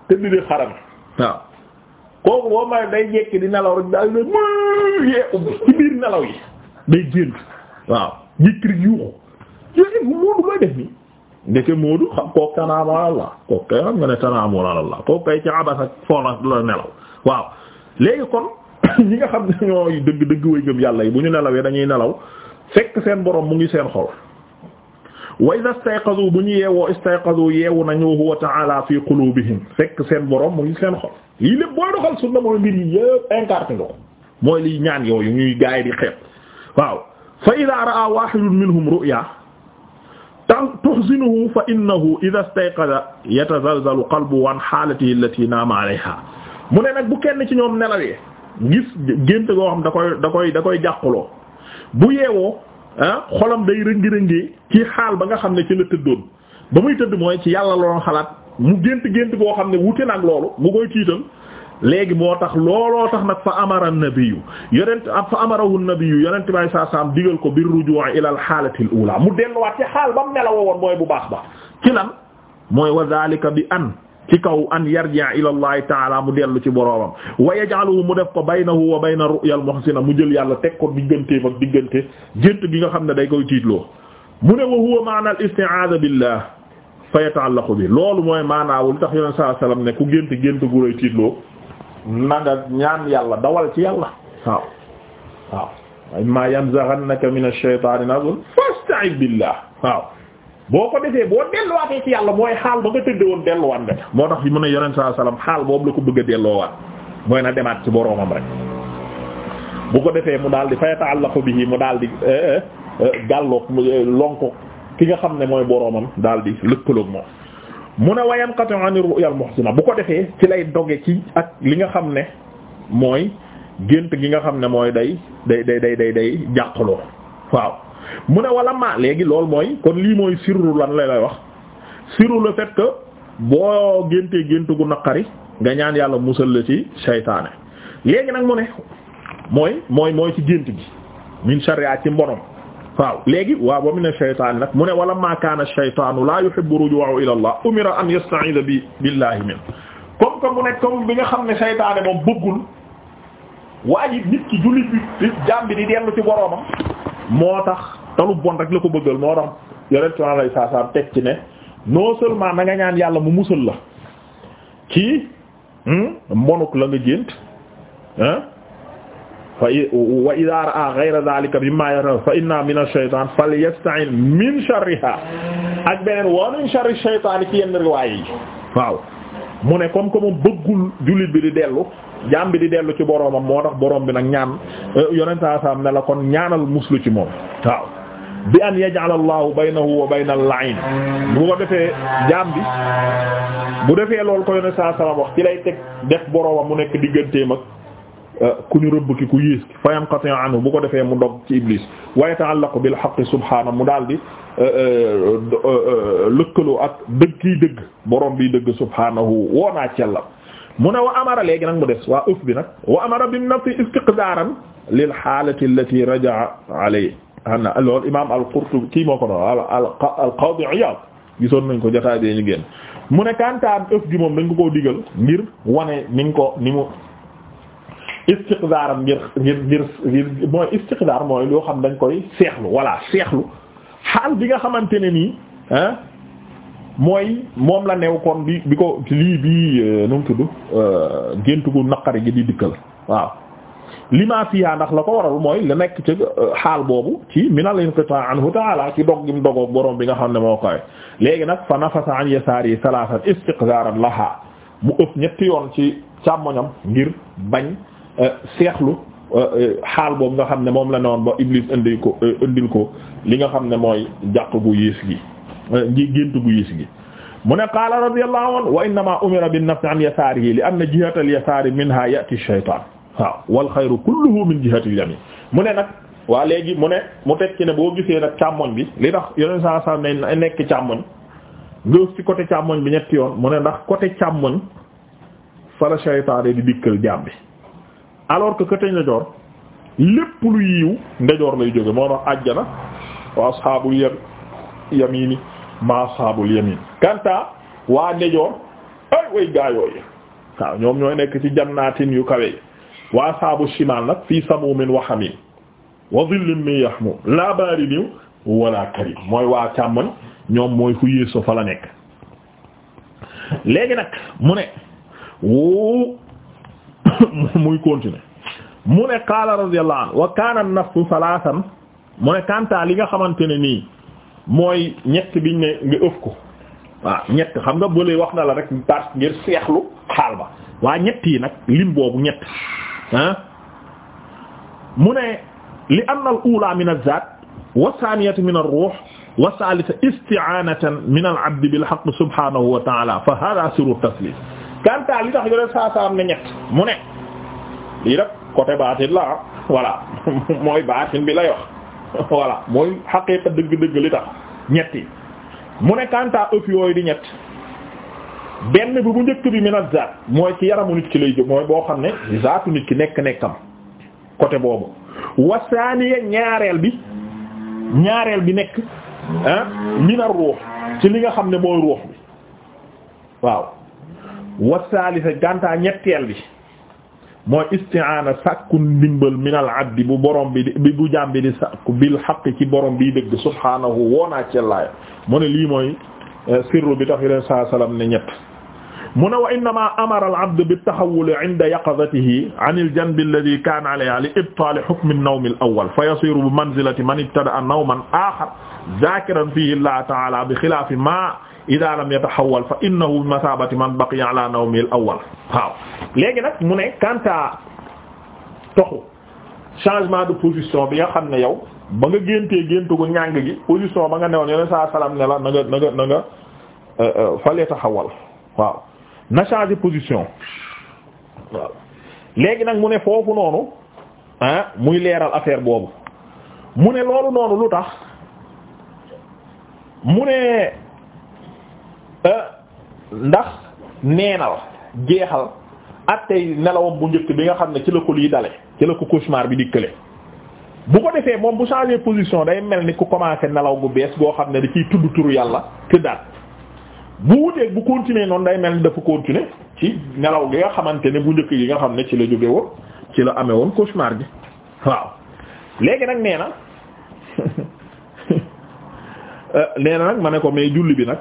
tëdd di xaram waaw kooku boo may day jekki di nelaw rek daal ne mmm. ñu yee ci biir nelaw yi day génn waaw jikri yuuxu yooyu moodu def nii ndeke moodu xam kook tanaamoral la kook kay ci abas ak foola nelaw waaw léegi kon ñi nga xam ne ñooy dëgg dëgg way gëm yàlla yi bu ñu nelawee dañuy nelaw fekk seen boroom mu ngi seen xol wa idha istayqadhu bu ñu yeewoo istayqadhu yeewu nañu huwa ta'ala fi qulubihim fekk seen borom mu ngi seen xol lii lépp booy doxal sunna mooy mbir yi yëpp incarté nga mooy liy ñaan yooyu ñuy gaay di xeeb waaw fa idaa raa wahidun minhum ru'ya tuhzinuhu fa innahu idaa istayqaza yatazalzalu qalbu an xaalatihi allati naama mu ne nag bu kenn ci ñoom nelawee gis gént goo xam da koy da koy da koy jàquloo bu yeewoo ah, xolam day rëngi-rëngee kii xaal ba nga xam ne ci la tëddoon ba muy tëdd mooy ci yàlla loon xalaat mu gént gént goo xam ne wute nag loolu mu koy tiital léegi moo tax looloo tax nag fa amara nabiyu yonent fa amarahu nabiyu yonent bi saa saam digal ko bir rujuu' ila al xaalati al ula mu delluwaat ci xaal ba mu melawoo woon mooy bu baax ba ci lan mooy wa zalika bi an ci kaw an yarji'a ila allahi taala mu dellu ci boroomam wa yaj'aluhu mu def ko baynahu wa bayna ru'ya al muhsina mu jël yàlla teg ko digganteem ak diggante gént gi nga xam ne day koy tiitloo mu ne wa huwa ma'na al isti'aadha billah fa yata'allaqu bi loolu mooy maanaawul tax yonent saa sallam ne ku gént gént gu lay tiitloo na nga ñaan yàlla dawal ci yàlla waaw waaw imma yanzaghannaka min ash-shaytani nazghun fasta'id billah waaw boo ko defee boo delluwaatee ci yàlla mooy xaal ba nga tëdd woon delluwaat nga moo tax yi mën a yonent sallallahu alayhi xaal boobu la ko bëgg a delloowaat mooy na demaat ci boroomam rek bu ko defee mu daal di fa ta'allaqu bihi mu daal di eh, eh, eh, gàlloog lonko ki nga xam ne mooy boroomam daal di lëkkaloog moom mu ne wayan qati an ru'ya al muhsina bu ko defee ci lay doge ci ak li nga xam ne mooy gént gi nga xam ne mooy day day day day day day jàqaloo waaw mu ne walla maa léegi loolu mooy kon lii mooy sirru lan lay lay wax sirru la fait que boo géntee gént gu naqari nga ñaan yàlla musal la ci seytaane léegi nag mu ne mooy mooy mooy ci gént gi min sharia ci mbonom waaw léegi waaw ba mu ne shaytaan nag mu ne wala ma kaana shaytaanu la yuhibbu ruju'u ila Allah umira an yasta'ida bi billahi min comme que mu ne comme bi nga xam ne shaytaane moom bëggul waaye nit ki jullit bi di jaam bi di dellu ci boroomam moo tax talu bon rek la ko bëggal moo tax yorentumaan lay saa saa teg ci ne non seulement na nga ñaan yàlla mu musal la ci hmm, mbonuk la nga gént ah fa wa idha ra'a ghayra dhalika mimma yara fa inna min ash-shaytan falyasta'in min sharriha ak beneen wa min sharri ash-shaytan ci yenn riwaay yi waaw mu ne comme que moom bëggul jullit bi di dellu jaam bi di dellu ci boroomam moo tax boroom bi nag ñaan euh, yonent saa saam ne la kon ñaanal muslu ci moom waaw bi an yaj'al allahu baynahu wa bayna al-la'in bu ko defee jaam bi bu defee loolu ko yonent saa saam wax ci lay teg def boroomam mu nekk digganteem ak ku ñu rëbb ki ku yées ki fa yanqati anhu bu ko defee mu dog ci iblis wa yata'allaqu bil haqqi subhaanahu mu daal di euh, euh, euh, lëkkaloo ak dëgg kiy dëgg borom bi dëgg subhaanahu woonaa cellam mu ne wa amara léegi nag mu des waa ëf bi nag wa amara bin nafsi istiqdaaran lil xaalati allati raja'a alayhi anna loolu imaam al-Qurtubi kii moo ko doon al-Qaadi Iyaad gisoon nañ ko jotaay bee ñu génn mu ne kantaan ëf gi moom dañ ko koo digal ngir wane niñ ko ni mu istiqzaaram ngir ngir ngir ngir mooy istiqzaar mooy loo xam dañ koy seexlu walla seexlu xaal bi nga xamante ne nii mooy moom la new kon bi bi ko lii bi euh, nu mu tudd euh, gént gu naqari gi di dikkal waaw lima fiha ndax la ko waral mooy la nekk ci euh, xaal boobu ci minal inqitaa anhu taala ci dog gim dogoog borom bi nga xam ne moo koy léegi nag fa nafasa an yasaari salaatan istiqzaaran laha mu ëpp ñetti yoon ci càmmoñam ngir bañ seexlu xaal boobu nga xam ne moom la noon ba Iblis indi ko indil ko li nga xam ne mooy jàq gu yiis gi ngi gént gu yiis gi mu ne qaala radiyallahu anhu wa innama umira bin-nafsi an yasaarihi li anna jihata al-yasaari minha ya'ti ash-shaytaan waaw wal xayru kulluhu min jihati yamin mu ne nag waa léegi mu ne mu tekki ne boo gisee nag càmmoñ bi li tax yeneen saa saa nekk càmmoñ nga ci càmmoñ bi ñetti yoon mu ne ndax côté càmmoñ fa la shaytaan di dikkal jaam alors que këtëñ la joor lépp lu yiiw ndejoor lay jóge moo tax àjjana wa ashaabul yam ma ashaabul yamin kanta waa ndejoor ay way gaayooyu waaw ñoom ñooy nekk ci jannaatin yu kawe wa ashaabu shimal nag fii samumin wa hamim wa dhillin min yahmum la baridin wala karim mooy waa càmmoñ ñoom mooy fu yéeso fa la nekk léegi nag mu ne muy continuer mu ne qaala radiyallahu anhu wa kaana an-nafsu salaasan mu ne kanta li nga xamante ne nii mooy ñett biñ ne nga ëf ko waaw ñett xam nga bële wax na la rek parce ngir seexlu xaal ba waa ñett yi nag lim boobu ñett ah mu ne li anna al-uulaa min az-zaat wa as-saaniyatu min ar-ruuh wa as-saalisa isti'aanatan min al-'abdi bil-haqq subhaanahu wa ta'aala fa haadaa sirru tasliim kantaal li tax yore saa saa am na ñett mu ne lii rek côté baatin la ah voilà mooy baatin bi lay wax voilà mooy xaqiiqa dëgg-dëgg li tax ñett yi mu ne kantaa ëpp yooyu di ñett benn bi bu njëkk bi minat zaat mooy ci yaramu nit ki lay jóg mooy boo xam ne zaatu nit ki nekk-nekkam côté boobu wasaaniya ñaareel bi ñaareel bi nekk ah minar ruux ci li nga xam ne mooy ruux bi waaw wa salisa gàntaa ñetteel bi mooy isti'aana sàkku ndimbal minal abdi bu borom bi di bu jaam bi di sàkku bil xaq ci borom bi dëgg subhaanahu woonaa cellaaya mu ne lii mooy eh, sirru bi tax yeneen saa salaam ne ñett mu ne wa innama amara al abd bi taxawul inda yaqadatihi an al janb alladi kaana alayha li ibtaali hukm an nawm al awwal fa yasiru bi manzilati man ibtada nawman axar zaakiran fiihi llaha ta'aala bi xilaafi ma idaa lam yataxawal fa innahu bi man baqiya ala nawmil awwal waaw léegi nag mu ne kanta toxu changement de position bi nga xam ne yow ba nga géntee géntu gu ñàng gi position ba nga newoon yoneen saa salaam ne la na nga na nga na nga euh, euh, falee taxawal waaw na changer position waaw léegi nag mu ne foofu noonu ah muy leeral affaire boobu mu ne loolu noonu lu tax mu ne Euh, ndax neenal jeexal at tey nelawam bu njëkk bi nga xam ne ci la ko lii dale ci la ko cauchemar bi kële bu ko defee moom bu changé position day mel ni ku commencé nelaw gu bees goo xam ne da ciy tudd turu yàlla tëddaat bu wuteeg bu continuer noonu day mel ni dafa continuer ci nelaw gi nga xamante ne bu njëkk gi nga xam ne ci la jóge woon ci la amee woon cauchemar bi waaw léegi nag nee na euh, nee na nag ma ne ko mais julli bi nag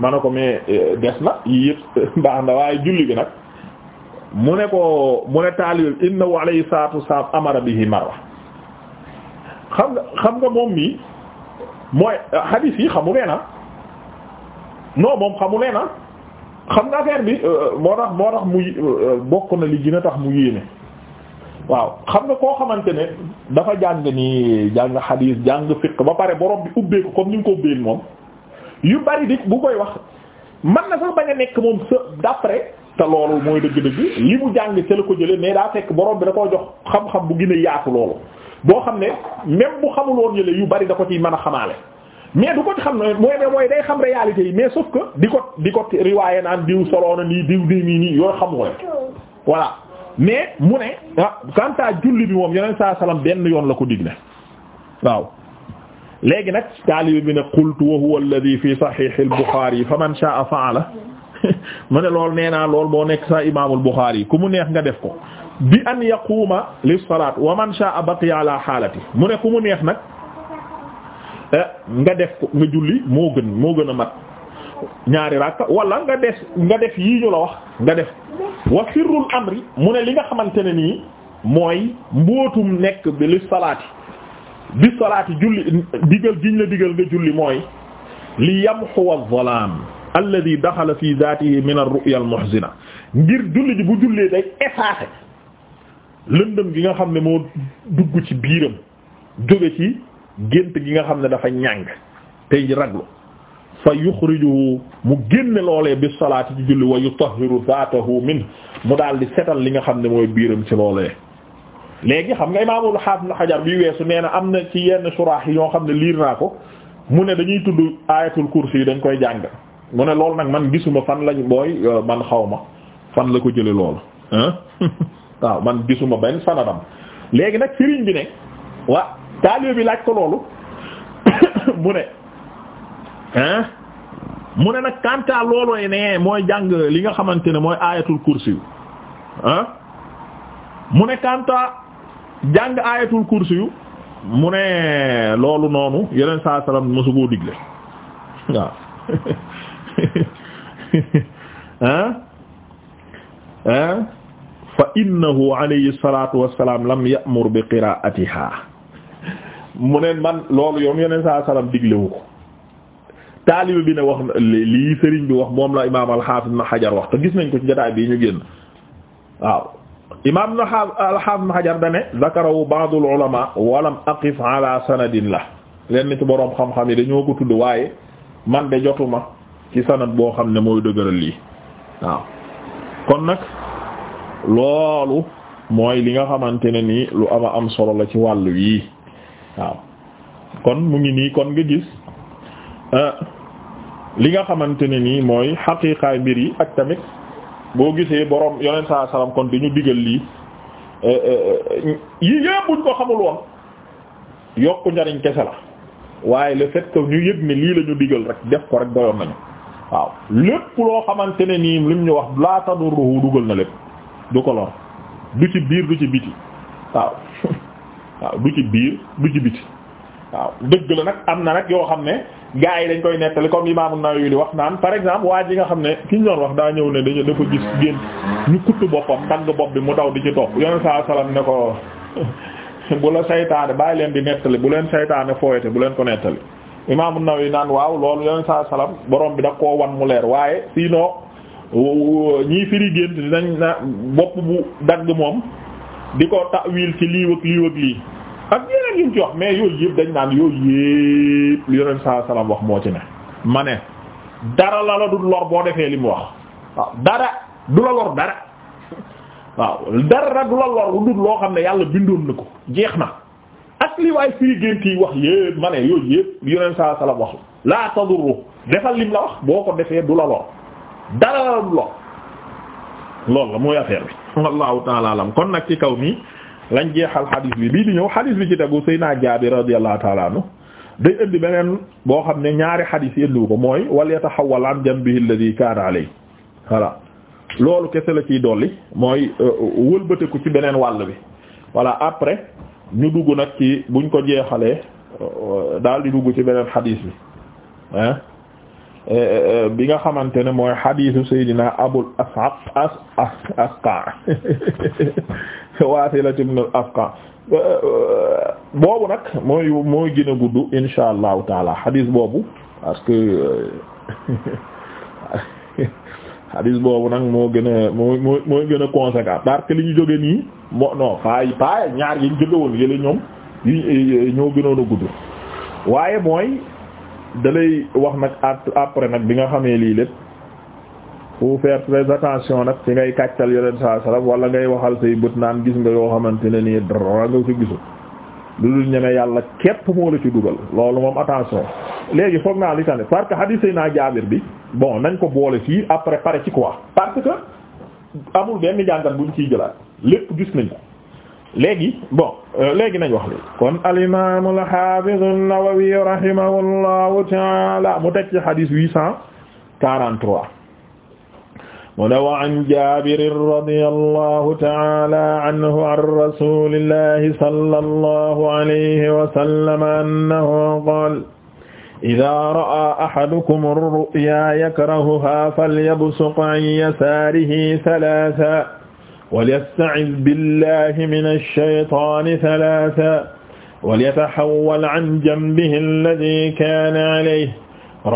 ma ne ko mais euh, des na yii yëpp baax na waaye julli bi nag mu ne ko mu ne taalibe innahu alayhi salaatu wassalaam amara bihi marra xam nga xam nga moom mii mooy euh, hadith yi xamu leen ah. non moom xamu leen ah. xam nga affaire bi euh, moo tax moo tax mu bokk na li gën a tax mu yéene waaw xam nga koo xamante ne dafa jàng nii jàng hadith jàng fiqh ba pare borom bi ubbee ko comme ni nga ko ubbee moom. yu bari di bu koy wax man na sax bañ a nekk moom sa d'après te loolu mooy dëgg-dëgg li mu jàng ca la ko jëlee mais daa fekk borom bi da koo jox xam-xam bu gën a yaatu loolu boo xam ne même bu xamul woon yële yu bari da ko ciy mën a xamaale mais du ko xam na mooy mooy day xam réalité yi mais sauf que di ko di ko riwaaye naan diw soloona nii diw nii nii nii yoo xamu ko voilà mais mu ne ah quant julli bi moom yeneen saa salaam benn yoon la ko digle waaw léegi nag taalibi bi ne qultu wa huwa alladhi fi sahih al-Bukhari faman sha'a fa'ala mu ne loolu nee naa lool boo nekk sa imaamul Bukhari ku mu neex nga def ko bi an yaquuma lis-salaat wa man sha'a baqiya ala xaalati mu ne ku mu neex nag eh, nga def ko nga julli moo gën moo gën a mat ñaari rakka wala nga des nga def yii ñu la wax nga def wa sirrul amri mu ne li nga xamante ne nii mooy mbootum nekk bi lis-salaati bi salaati julli digal giñ la digal nga julli mooy li yamxuwa az-zalaam alladi daxala fi zaatihi min ar-ru'ya al-muhzina ngir julli ji bu jullee day effacer lëndëm gi nga xam ne moo dugg ci biiram jóge ci gént gi nga xam ne dafa ñàng tey raglu fa yuxrijuhu mu génne loolee bi salaati ci julli wa yutahhiru zaatahu min mu daal di setal li nga xam ne mooy biiram ci loolee léegi xam ngay imaamul xaafis na xajar bi weesu nee na am na ci yenn suraax yi ñoo xam ne liir naa ko mu ne dañuy tudd ayatul kursi yi dañ koy jàng mu ne loolu nag man gisuma fan lañu mooy euh, man xaw ma fan la ko jële loolu waaw man gisuma benn sanadam léegi nag sëriñ bi ne waa taalibe bi laaj ko loolu mu ne hein mu ne nag kanta loolooy ne mooy jàng li nga xamante ne mooy ayatul kursi ah mu ne kanta jàng ayatul kursi yu mu ne loolu noonu yeneen saa salaam mosu koo digle waaw ah ah fa innahu alayhi salatu wassalam lam ya'mur bi qira'atiha mu ne man loolu yoon yeneen saa salaam diglewu ko taalibe bi ne wax lii sëriñ bi wax moom la imaam al na Hajar wax te gis nañ ko ci jotaay bii ñu génn waaw imam alhafid hajar dane zakarahu ba'dul ulama walam aqif ala sanadin la lenn ci boroom xam-xam yi dañoo ko tudd waaye man de jotuma ci sanad boo xam ne mooy dëgëral lii waaw kon nag loolu mooy li nga xamante ne nii lu ama am solo la ci wàllu yii waaw kon mu ngi nii kon nga gis eh, li nga xamante ne nii mooy xaqiiqaay mbir yi ak tamit boo gisee borom yonent saa salaam kon di ñu digal lii eh, eh, yii yëpp buñ ko xamul woon njariñ kese la waaye le fait que ñu yëg ne lii lañu ñu digal rek def ko rek doyoon nañu waaw lépp loo xamante ne lim ñu wax laa tadurruhu dugal na lépp du ko lor du ci biir du ci biti waaw waaw du ci biir du ci biti waaw dëgg la nag am na nag yoo xam ne gars yi dañ koy nettali comme Imam an yi di wax naan par exemple waa ji nga xam ne ki ñu wax daa ñëw ne dañu dafa gis génn ñu kutt boppam tagg bopp bi mu daw di ci topp yoneen saa salaam ne ko bu la saytaane bàyyi leen di nettali bu leen saytaane fooyete bu leen ko nettali Imam naw yi naan waaw loolu yoneen saa salaam borom bi da koo wan mu leer waaye sinon ñii firi gént dinañ na bopp bu dagg moom di ko ta'wil ci lii ak lii ak yeneen yuñ ci wax mais yooyu yëpp dañ naan yooyu yëpp li yonent saa salaam wax moo ci ne ma ne dara la la du lor boo defee li mu wax waaw dara du la lor dara waaw dara la loo xam ne yàlla bindoon na ko jeex na li waay firi wax yëpp ma ne saa salaam wax laa tadurru defal boo ko defee du la lor dara la la du lor loolu mooy affaire bi wallahu ta'ala kon nag ci kaw nii lañ jeexal xadis bi bii di ñëw xadis bi ci tegu Seydina Jaabir radiyallahu ta'ala anhu day indi beneen boo xam ne ñaari xadis yi indiwu ko mooy wal yataxawwal an janbihi alladhi kaana alayhi voilà loolu kese la ciy dolli mooy euh, wëlbateku ci beneen wàll bi voilà après ñu dugg nag ci buñ ko jeexalee euh, daal di dugg ci beneen xadis bi euh, bi nga xamante ne mooy xadisu Seydina Abul As'aq as as asqar Waasila ibn al-Asqa boobu nag mooy mooy gën a gudd insha allahu taala hadis boobu parce que euh, hadis boobu nag moo gën a moo moo moo gën a conséquent parce que li ñu jóge nii moo non faay paa ñaar yi ñu jóge woon yële ñoom yi ñoo gënoon a gudd waaye mooy dalay wax nag après nag bi nga xamee lii lépp faut faire très attention nag ci ngay kàccal yoleen saa sallam wala ngay waxal say bët naan gis nga yoo xamante ne nii dara nga ci gisul lu dul ñeme yàlla képp moo la ci dugal loolu moom attention léegi foog naa li tane parce que hadis say naa jaabir bi bon nañ ko boole fii après pare ci quoi parce que amul benn jàngat buñ ci jëlaat lépp gis nañ léegi bon euh, léegi nañ wax léegi kon al imam al hafiz an-Nawawi rahimahullahu ta'ala mu teg ci hadis huit cent quarante-trois mu ne wa an jaabir radiyallahu ta'ala anhu an rasulillahi sallallahu alayhi wa sallam annahu qaala idaa ra'aa ahadukum ar-ru'yaa yakrahuhaa falyabsuq an yasaarihi salaasan walyasta'idh billahi mina ash-shaytaani salaasan walyatahawwal an janbihi alladhii kaana alayhi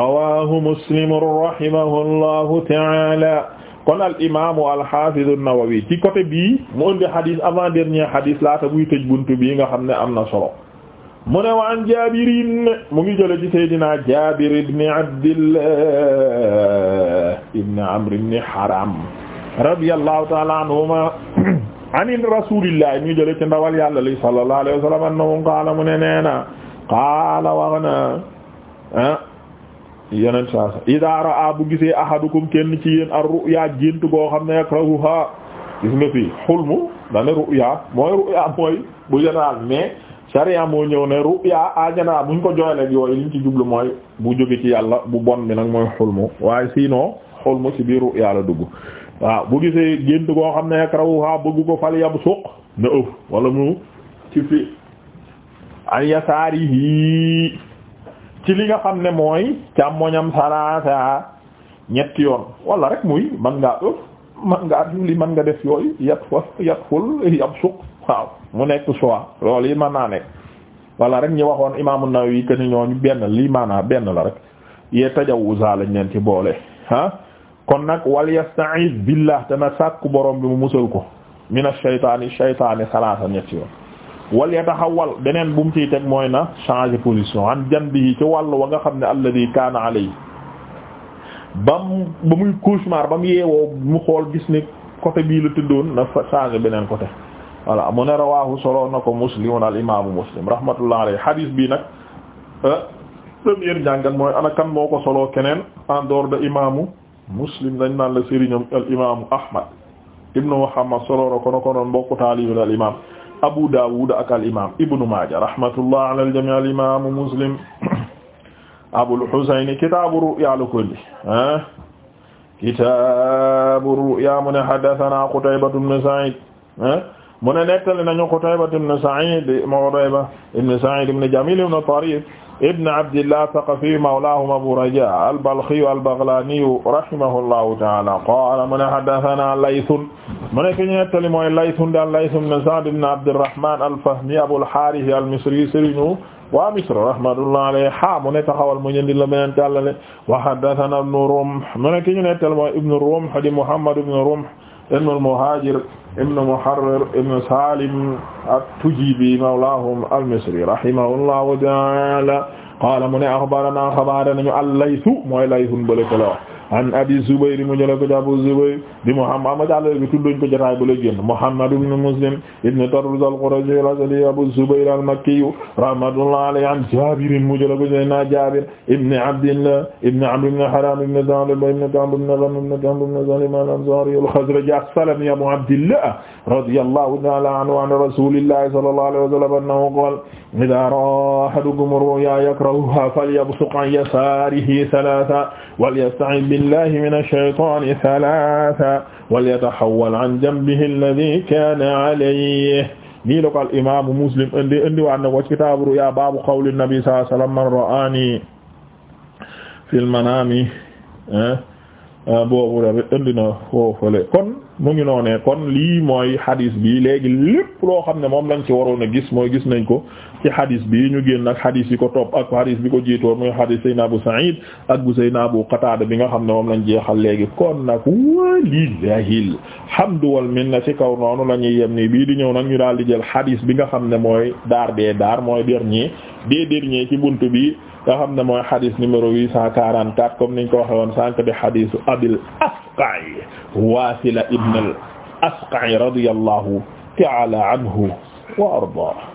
rawaahu muslim rahimahullaahu ta'aalaa kon al imaamu al xaafizu an-Nawawi ci côté bii mu indi xadis avant dernier xadis laata buy tëj buntu bii nga xam ne am na solo mu ne waan jaabirin mu ngi jële ci Seydina Jaabir ibn Abdillah ibn Amr ibn Haram radiyallahu ta'ala anhuma anin rasulillahi mu ngi jële ci ndawal yàlla li sallallahu alayhi wa sallam annahu qaala mu ne nee na qaala wax na ah yeneen saa sa idaa raa bu gisee ahadukum kenn ci yéen ar ru'ya gént goo xam ne yakrahuha gis nga fii xulmu dane ru'ya mooy ru'ya mooy bu général mais sariya moo ñëw ne ru'ya a général buñ ko jooyleeg yooyu liñ ci jublu mooy bu jóge ci yàlla bu bon bi nag mooy xulmu waaye sinon xulmu ci biir ru'ya la dugg waaw bu gisee gént goo xam ne yakrahuha bëgg ko fal yab suq na ëf wala mu ci fi an yasaarihi ci li nga xam ne mooy càmmoñam salaasa ñetti yoon wala rek muy man ngaa ëpp man ngaa julli man nga def yooyu yat fa yat ful yab suq waaw mu nekk soit loolu yi mën naa nekk wala rek ñi waxoon imaamu Nawawi que ni ñooñu benn lii maanaa benn la rek yee tajawuza lañ leen ci boole ah kon nag wal yasta'iz billah dana sàkku borom bi mu musal ko mina shaytaani shaytaani salaasa ñetti yoon wal yataxawal beneen bu mu ciy teg mooy na changer position an janbihi ci wàll wa nga xam ne alladi kaana alayhi ba mu ba muy cauchemar ba mu yeewoo mu xool gis ni côté bii la tëddoon na fa changer beneen côté voilà mu ne rawahu solo na ko muslimun al imaamu muslim rahmatullah alayhi hadith bi nag euh, première jàngat mooy ana kan moo ko solo keneen en dehors imaamu muslim dañ naan la sëriñam al imaamu ahmad ibnu muhammad solo na ko na mbokku taalibil al Abu Dawud ak al imaam Ibn Maaja rahmatullah ala al jamii al imaamu Muslim Abul Husayn kitaabu ru'ya la ko indi ah kitaabu ru'ya mu ne haddasanaa Qutayba ibn Sa'iid ah mu ne nettali nañu Qutayba ibn Sa'iid Qutayba ibn Sa'iid ibn Jamiil ibn Tariif ibn abdillah thaqafiyu mawlaahum abu rajaa albalkhiyu albaghlaaniyu rahimahullahu ta'aala qaala mu ne haddathanaa laythun mu ne ki ñu nettali mooy laythun daal laythun ibn sa'd ibn abdirrahman alfahmi abul haarith almisri sëriñu waa misr rahmatullahi alayhi ha mu ne taxawal mu ñëndi la beneen tàllale wa haddathanaa ibn rumh mu ne ki ñu nettali mooy ibn rumh di muhammad ibn rumh ibn al-muhaajir ibn Muharrir ibn Salim at-Tujibi mawlaahum al-Misri rahimahullahu ta'ala qaala mu ne axbarana xabaare nañu al-Layth mooy Layth bële ko la wax an abi Zubayr mu jëlee ko ci Abu Zubayr di Muhammad ma jàllale bi tuddoñ ko jotaay ba la génn Muhammad ibn Muslim ibn Tabruz al-Qurashi al-Asadi Abu Zubayr al-Makki rahmatullahi alayhi an Jaabir mu jëlee ko ci na Jaabir ibn Abdillah ibn Amr ibn Haram ibn Tha'laba ibn Ka'b ibn Ghanm ibn Ka'b ibn Salima al-Ansari al-Khazraji as-Salami Abu Abdillah radiyallahu ta'ala anhu an rasulillahi sallallahu alayhi wa sallam annahu qala idha ra'a ahadukum ar-ru'ya yakrahuha falyabsuq an yasarihi thalatha walyasta'in billahi minash shaytaani salaasa walyatahawwal an janbihi alladhi kaana alayhi nii la ko al imaamu muslim indi indi waan na ko ci kitaabu ru'yaa baabu qawli nabi sallallahu alayhi wa sallam man ra'aani fil manaami eh, eh, boobu rek indi na foofale kon mu ngi noonee kon lii mooy hadis bi léegi lépp loo xam ne moom lañ ci waroon a gis mooy gis nañ ko ci xadis bi ñu génn ak xadis bi ko topp ak xadis bi ko jiitoon muy xadis Seydina Abu Sa'id ak bu Seydina Abu Qatada bi nga xam ne moom lañu jeexal léegi kon nag walillahi alhamdu wal minna ci kaw noonu la ñuy yem nii bii di ñëw nag ñu daal di jël xadis bi nga xam ne mooy daar dee daar mooy dernier des dernier ci bunt bi nga xam ne mooy xadis numéro 844 comme niñ ko waxe woon sànq di xadisu Abil Asqa'i Wasila ibn al Asqa'i radiyallahu ta'ala anhu wa arda